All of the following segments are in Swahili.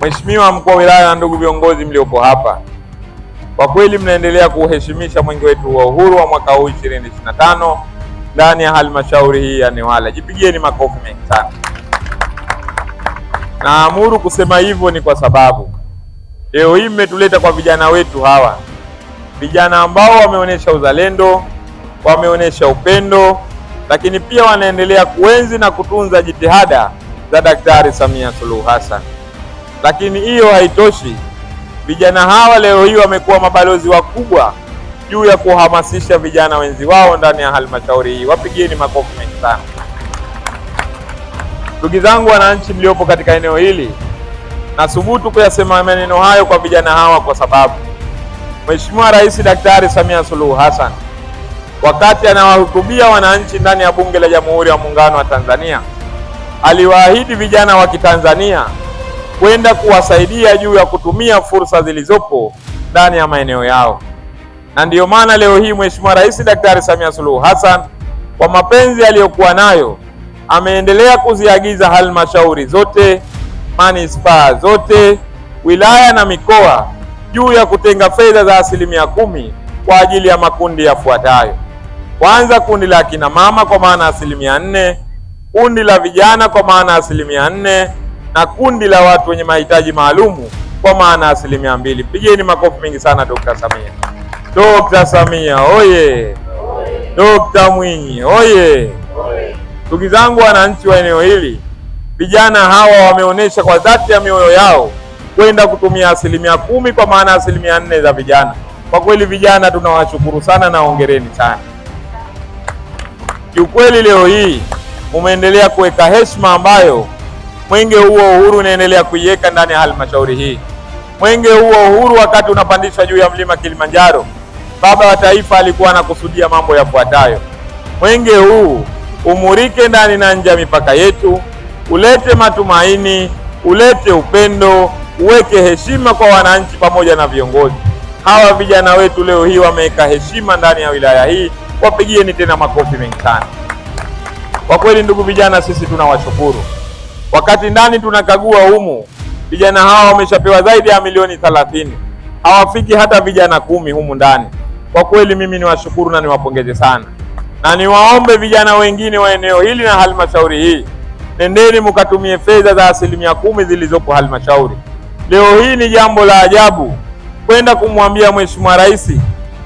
Mheshimiwa mkuu wa wilaya na ndugu viongozi mlioko hapa, kwa kweli mnaendelea kuheshimisha mwenge wetu wa uhuru wa mwaka huu 2025 ndani ya halmashauri hii ya Newala. Jipigieni makofi mengi sana. Naamuru kusema hivyo ni kwa sababu leo hii mmetuleta kwa vijana wetu hawa, vijana ambao wameonyesha uzalendo, wameonyesha upendo, lakini pia wanaendelea kuenzi na kutunza jitihada za Daktari Samia Suluhu Hassan. Lakini hiyo haitoshi, vijana hawa leo hii wamekuwa mabalozi wakubwa juu ya kuhamasisha vijana wenzi wao ndani ya halmashauri hii. Wapigieni makofi mengi sana. Ndugu zangu wananchi mliopo katika eneo hili, nathubutu kuyasema maneno hayo kwa vijana hawa kwa sababu Mheshimiwa Rais Daktari Samia Suluhu Hassan wakati anawahutubia wananchi ndani ya Bunge la Jamhuri ya Muungano wa Tanzania aliwaahidi vijana wa Kitanzania kwenda kuwasaidia juu ya kutumia fursa zilizopo ndani ya maeneo yao. Na ndiyo maana leo hii Mheshimiwa Rais Daktari Samia Suluhu Hassan kwa mapenzi aliyokuwa nayo ameendelea kuziagiza halmashauri zote, manispaa zote, wilaya na mikoa juu ya kutenga fedha za asilimia kumi kwa ajili ya makundi yafuatayo: kwanza, kundi la akina mama kwa maana asilimia nne, kundi la vijana kwa maana asilimia nne na kundi la watu wenye mahitaji maalumu kwa maana asilimia mbili. Pigeni makofi mengi sana Dr. Samia. Dr. Samia oye! Dr. Mwinyi oye! Ndugu zangu wananchi wa eneo hili, vijana hawa wameonyesha kwa dhati ya mioyo yao kwenda kutumia asilimia kumi kwa maana asilimia nne za vijana. Kwa kweli vijana tunawashukuru sana na ongereni sana. Kiukweli leo hii umeendelea kuweka heshima ambayo Mwenge huo uhuru unaendelea kuiweka ndani ya halmashauri hii. Mwenge huo uhuru, wakati unapandishwa juu ya mlima Kilimanjaro, baba wa taifa alikuwa anakusudia mambo yafuatayo: mwenge huu umurike ndani na nje ya mipaka yetu, ulete matumaini, ulete upendo, uweke heshima kwa wananchi pamoja na viongozi. Hawa vijana wetu leo hii wameweka heshima ndani ya wilaya hii, wapigieni tena makofi mengi sana. Kwa kweli, ndugu vijana, sisi tunawashukuru. Wakati ndani tunakagua humu, vijana hawa wameshapewa zaidi ya milioni thelathini, hawafiki hata vijana kumi humu ndani. Kwa kweli mimi niwashukuru na niwapongeze sana, na niwaombe vijana wengine wa eneo hili na halmashauri hii, nendeni mkatumie fedha za asilimia kumi zilizopo halmashauri. Leo hii ni jambo la ajabu kwenda kumwambia Mheshimiwa Rais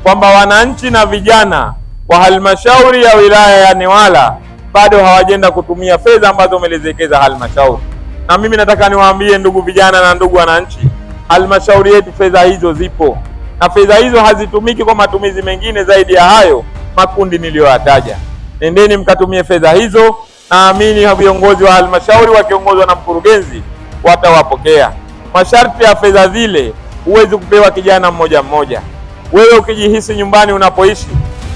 kwamba wananchi na vijana wa halmashauri ya wilaya ya Newala bado hawajenda kutumia fedha ambazo umeziwekeza halmashauri. Na mimi nataka niwaambie ndugu vijana na ndugu wananchi, halmashauri yetu fedha hizo zipo, na fedha hizo hazitumiki kwa matumizi mengine zaidi ya hayo makundi niliyoyataja. Nendeni mkatumie fedha hizo. Naamini viongozi wa halmashauri wakiongozwa na mkurugenzi watawapokea. Masharti ya fedha zile huwezi kupewa kijana mmoja mmoja. Wewe ukijihisi nyumbani unapoishi,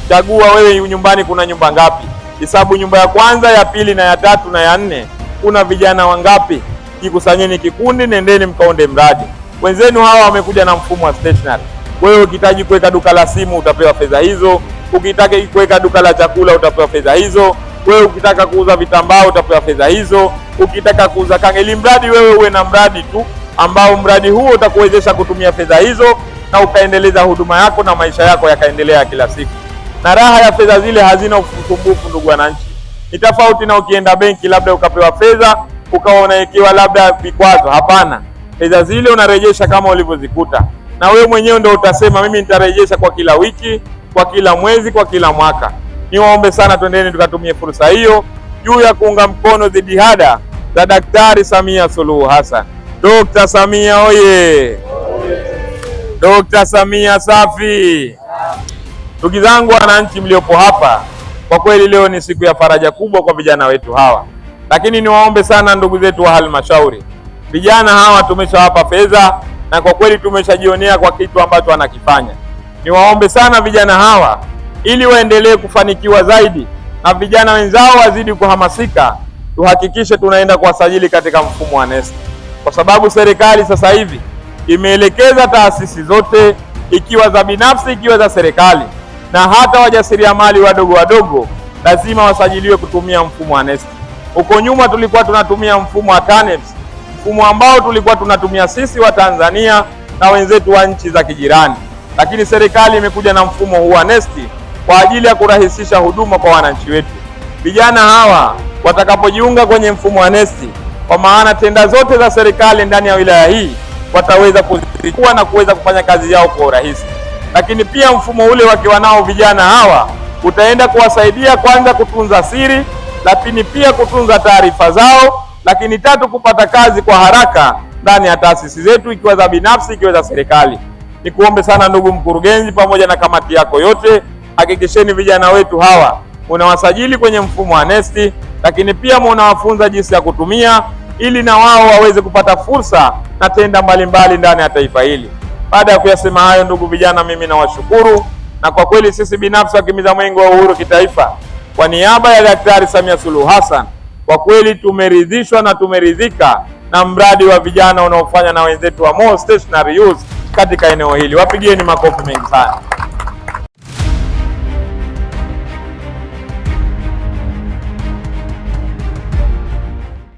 chagua wewe nyumbani kuna nyumba ngapi, hisabu nyumba ya kwanza, ya pili na ya tatu na ya nne. Kuna vijana wangapi? Kikusanyeni kikundi, nendeni mkaonde mradi. Wenzenu hawa wamekuja na mfumo wa stationery. Wewe ukihitaji kuweka duka la simu utapewa fedha hizo, ukitaka kuweka duka la chakula utapewa fedha hizo, wewe ukitaka kuuza vitambaa utapewa fedha hizo, ukitaka kuuza kanga, ili mradi wewe uwe na mradi tu ambao mradi huo utakuwezesha kutumia fedha hizo na ukaendeleza huduma yako na maisha yako yakaendelea kila siku na raha ya fedha zile hazina usumbufu. Ndugu wananchi, ni tofauti na ukienda benki labda ukapewa fedha ukawa unawekewa labda vikwazo. Hapana, fedha zile unarejesha kama ulivyozikuta, na wewe mwenyewe ndio utasema mimi nitarejesha kwa kila wiki, kwa kila mwezi, kwa kila mwaka. Niwaombe sana, twendeni tukatumie fursa hiyo juu ya kuunga mkono jitihada za Daktari Samia Suluhu Hassan. Dokta Samia oye! Dokta Samia safi! Ndugu zangu wananchi mliopo hapa, kwa kweli leo ni siku ya faraja kubwa kwa vijana wetu hawa, lakini niwaombe sana ndugu zetu wa halmashauri, vijana hawa tumeshawapa fedha na kwa kweli tumeshajionea kwa kitu ambacho wanakifanya. Niwaombe sana vijana hawa ili waendelee kufanikiwa zaidi na vijana wenzao wazidi kuhamasika, tuhakikishe tunaenda kuwasajili katika mfumo wa NeST, kwa sababu serikali sasa hivi imeelekeza taasisi zote, ikiwa za binafsi, ikiwa za serikali na hata wajasiriamali wadogo wadogo lazima wasajiliwe kutumia mfumo wa NeST. Huko nyuma tulikuwa tunatumia mfumo wa TANEPS, mfumo ambao tulikuwa tunatumia sisi wa Tanzania na wenzetu wa nchi za kijirani, lakini serikali imekuja na mfumo huu wa NeST kwa ajili ya kurahisisha huduma kwa wananchi wetu. Vijana hawa watakapojiunga kwenye mfumo wa NeST, kwa maana tenda zote za serikali ndani ya wilaya hii wataweza kuzikuwa na kuweza kufanya kazi yao kwa urahisi lakini pia mfumo ule wakiwa nao vijana hawa utaenda kuwasaidia kwanza kutunza siri, lakini pia kutunza taarifa zao, lakini tatu, kupata kazi kwa haraka ndani ya taasisi zetu, ikiwa za binafsi, ikiwa za serikali. Nikuombe sana ndugu mkurugenzi, pamoja na kamati yako yote, hakikisheni vijana wetu hawa unawasajili kwenye mfumo wa nesti lakini pia munawafunza jinsi ya kutumia, ili na wao waweze kupata fursa na tenda mbalimbali ndani ya taifa hili. Baada ya kuyasema hayo, ndugu vijana, mimi nawashukuru na kwa kweli sisi binafsi wakimiza mwenge wa uhuru kitaifa, kwa niaba ya Daktari Samia Suluhu Hassan, kwa kweli tumeridhishwa na tumeridhika na mradi wa vijana unaofanya na wenzetu wa Mo Stationary Youth katika eneo hili. Wapigieni makofi mengi sana.